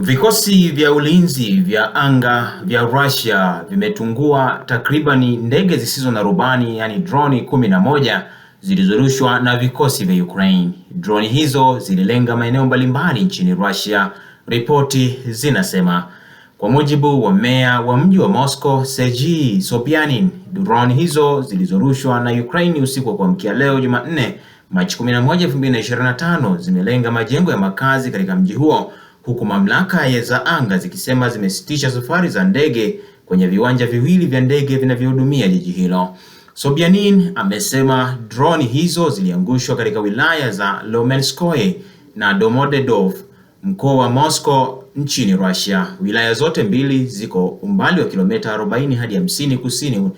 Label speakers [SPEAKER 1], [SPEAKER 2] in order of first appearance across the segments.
[SPEAKER 1] Vikosi vya ulinzi vya anga vya Russia vimetungua takribani ndege zisizo na rubani yaani droni 11 moja zilizorushwa na vikosi vya Ukraine. Droni hizo zililenga maeneo mbalimbali nchini Russia, ripoti zinasema. Kwa mujibu wa meya wa mji wa Moscow, Sergei Sobyanin, droni hizo zilizorushwa na Ukraine usiku wa kuamkia leo Jumanne, Machi 11, 2025 zimelenga majengo ya makazi katika mji huo huku mamlaka za anga zikisema zimesitisha safari za ndege kwenye viwanja viwili vya ndege vinavyohudumia jiji hilo. Sobyanin amesema droni hizo ziliangushwa katika wilaya za Lomenskoye na Domodedov, mkoa wa Moscow nchini Russia. Wilaya zote mbili ziko umbali wa kilomita 40 hadi 50 kusini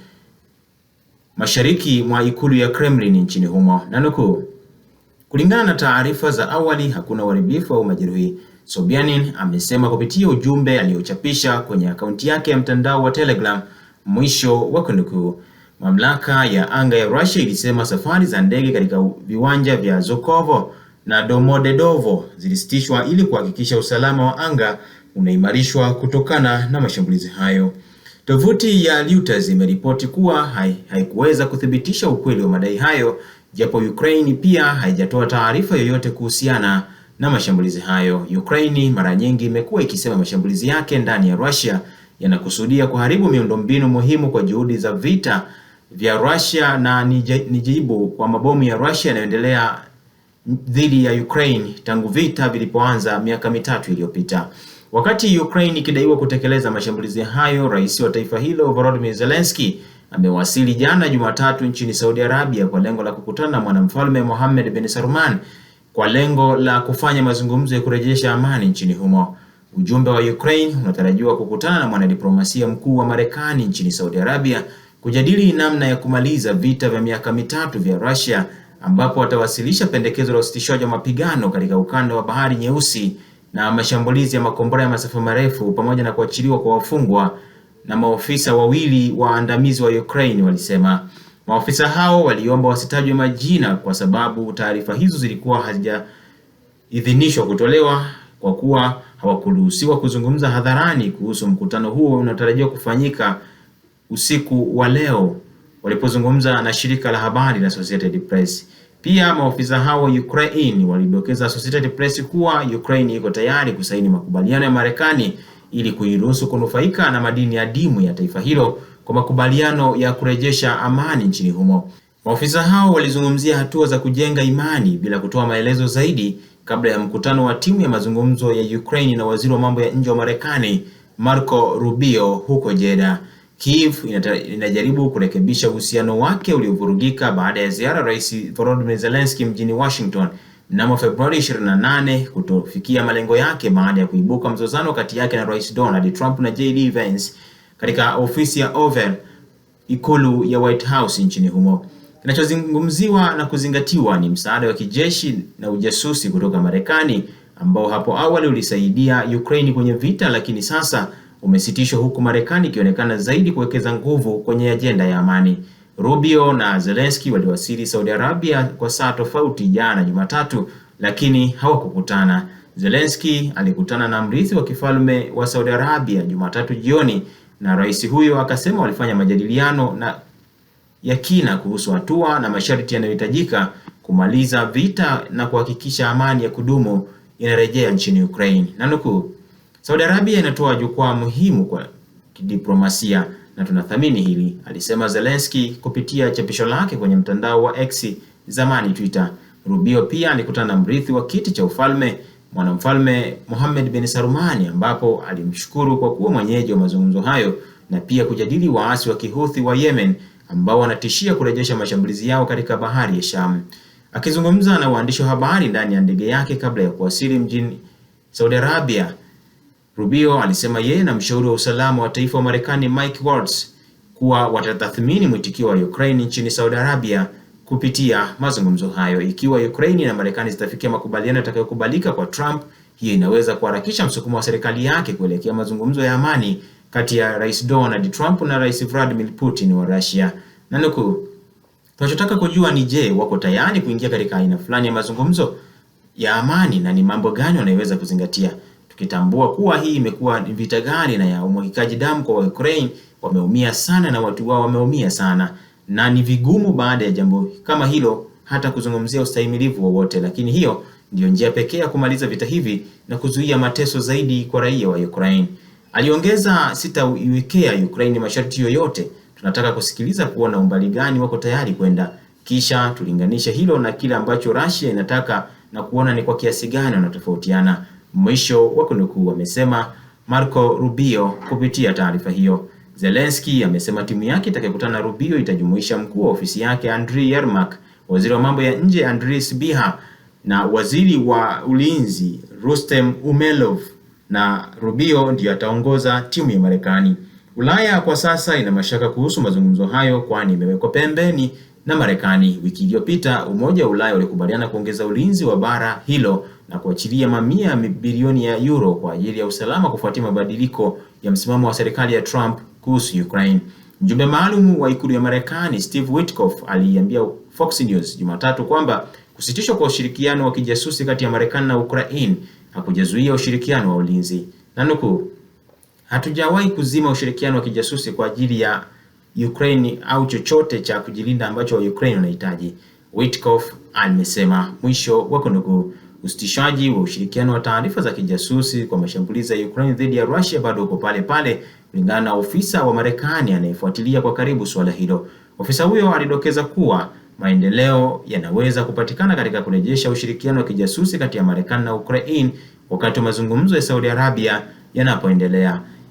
[SPEAKER 1] mashariki mwa ikulu ya Kremlin nchini humo. Nanukuu, kulingana na taarifa za awali hakuna uharibifu au majeruhi. Sobianin amesema kupitia ujumbe aliochapisha kwenye akaunti yake ya mtandao wa Telegram. Mwisho wa kunukuu. Mamlaka ya anga ya Russia ilisema safari za ndege katika viwanja vya Zokovo na Domodedovo zilisitishwa ili kuhakikisha usalama wa anga unaimarishwa kutokana na mashambulizi hayo. Tovuti ya Reuters imeripoti kuwa haikuweza hai kuthibitisha ukweli wa madai hayo, japo Ukraine pia haijatoa taarifa yoyote kuhusiana na mashambulizi hayo. Ukraini mara nyingi imekuwa ikisema mashambulizi yake ndani ya Russia yanakusudia kuharibu miundombinu muhimu kwa juhudi za vita vya Russia na ni jibu kwa mabomu ya Russia yanayoendelea dhidi ya Ukraine tangu vita vilipoanza miaka mitatu iliyopita. Wakati Ukraine ikidaiwa kutekeleza mashambulizi hayo, rais wa taifa hilo Volodymyr Zelensky amewasili jana Jumatatu nchini Saudi Arabia kwa lengo la kukutana na mwanamfalme Mohammed bin Salman kwa lengo la kufanya mazungumzo ya kurejesha amani nchini humo. Ujumbe wa Ukraine unatarajiwa kukutana na mwanadiplomasia mkuu wa Marekani nchini Saudi Arabia kujadili namna ya kumaliza vita vya miaka mitatu vya Russia ambapo watawasilisha pendekezo la usitishaji wa mapigano katika ukanda wa Bahari Nyeusi na mashambulizi ya makombora ya masafa marefu pamoja na kuachiliwa kwa wafungwa na maofisa wawili waandamizi wa Ukraine walisema maofisa hao waliomba wasitajwe majina kwa sababu taarifa hizo zilikuwa hazijaidhinishwa kutolewa kwa kuwa hawakuruhusiwa kuzungumza hadharani kuhusu mkutano huo unaotarajiwa kufanyika usiku wa leo walipozungumza na shirika la habari la Associated Press. Pia maofisa hao wa Ukraine walidokeza Associated Press kuwa Ukraine iko tayari kusaini makubaliano ya Marekani ili kuiruhusu kunufaika na madini adimu ya taifa hilo kwa makubaliano ya kurejesha amani nchini humo. Maofisa hao walizungumzia hatua za kujenga imani bila kutoa maelezo zaidi kabla ya mkutano wa timu ya mazungumzo ya Ukraine na waziri wa mambo ya nje wa Marekani Marco Rubio huko Jeddah. Kiev inajaribu kurekebisha uhusiano wake uliovurugika baada ya ziara Rais Volodymyr Zelensky mjini Washington mnamo Februari 28 kutofikia malengo yake baada ya kuibuka mzozano kati yake na Rais Donald Trump na JD Vance katika ofisi ya Oval ikulu ya White House nchini humo. Kinachozungumziwa na kuzingatiwa ni msaada wa kijeshi na ujasusi kutoka Marekani ambao hapo awali ulisaidia Ukraine kwenye vita, lakini sasa umesitishwa huku Marekani ikionekana zaidi kuwekeza nguvu kwenye ajenda ya amani. Rubio na Zelensky waliwasili Saudi Arabia kwa saa tofauti jana Jumatatu, lakini hawakukutana. Zelensky alikutana na mrithi wa kifalme wa Saudi Arabia Jumatatu jioni na rais huyo akasema walifanya majadiliano na ya kina kuhusu hatua na masharti yanayohitajika kumaliza vita na kuhakikisha amani ya kudumu inarejea nchini Ukraine. Nanukuu, Saudi Arabia inatoa jukwaa muhimu kwa kidiplomasia na tunathamini hili, alisema Zelensky kupitia chapisho lake kwenye mtandao wa X zamani Twitter. Rubio pia alikutana na mrithi wa kiti cha ufalme mwanamfalme Mohammed bin sarumani ambapo alimshukuru kwa kuwa mwenyeji wa mazungumzo hayo na pia kujadili waasi wa Kihuthi wa Yemen ambao wanatishia kurejesha mashambulizi yao katika bahari ya Sham. Akizungumza na waandishi wa habari ndani ya ndege yake kabla ya kuwasili mjini Saudi Arabia, Rubio alisema yeye na mshauri wa usalama wa taifa wa Marekani Mike Waltz kuwa watatathmini mwitikio wa Ukraine nchini Saudi Arabia kupitia mazungumzo hayo. Ikiwa Ukraine na Marekani zitafikia makubaliano yatakayokubalika kwa Trump, hiyo inaweza kuharakisha msukumo wa serikali yake kuelekea mazungumzo ya amani kati ya Rais Donald Trump na Rais Vladimir Putin wa Russia. Na nukuu, tunachotaka kujua ni je, wako tayari kuingia katika aina fulani ya mazungumzo ya amani na ni mambo gani wanayoweza kuzingatia tukitambua kuwa hii imekuwa vita gani na ya umwagikaji damu kwa Ukraine. Wameumia sana na watu wao wameumia sana, na ni vigumu baada ya jambo kama hilo hata kuzungumzia ustahimilivu wowote, lakini hiyo ndiyo njia pekee ya kumaliza vita hivi na kuzuia mateso zaidi kwa raia wa Ukraine. Aliongeza, sitaiwekea Ukraine masharti yoyote, tunataka kusikiliza kuona umbali gani wako tayari kwenda, kisha tulinganisha hilo na kile ambacho Russia inataka na kuona ni kwa kiasi gani wanatofautiana. Mwisho wa kunukuu, amesema Marco Rubio kupitia taarifa hiyo. Zelensky amesema timu yake itakayokutana na Rubio itajumuisha mkuu wa ofisi yake Andriy Yermak, waziri wa mambo ya nje Andriy Sybiha na waziri wa ulinzi Rustem Umelov, na Rubio ndiyo ataongoza timu ya Marekani. Ulaya kwa sasa ina mashaka kuhusu mazungumzo hayo, kwani imewekwa pembeni na Marekani. Wiki iliyopita Umoja wa Ulaya ulikubaliana kuongeza ulinzi wa bara hilo na kuachilia mamia ya bilioni ya euro kwa ajili ya usalama kufuatia mabadiliko ya msimamo wa serikali ya Trump kuhusu Ukraine. Mjumbe maalum wa ikulu ya Marekani Steve Witkoff aliambia Fox News Jumatatu kwamba kusitishwa kwa ushirikiano wa kijasusi kati ya Marekani na Ukraine hakujazuia ushirikiano wa ulinzi, na hatujawahi kuzima ushirikiano wa kijasusi kwa ajili ya Ukraine au chochote cha kujilinda ambacho wa Ukraine wanahitaji, Witkoff amesema. Mwisho wa kunukuu. Usitishaji wa ushirikiano wa taarifa za kijasusi kwa mashambulizi ya Ukraine dhidi ya Russia bado uko pale pale, kulingana na ofisa wa Marekani anayefuatilia kwa karibu suala hilo. Ofisa huyo alidokeza kuwa maendeleo yanaweza kupatikana katika kurejesha ushirikiano wa kijasusi kati ya Marekani na Ukraine wakati wa mazungumzo ya Saudi Arabia yanapoendelea.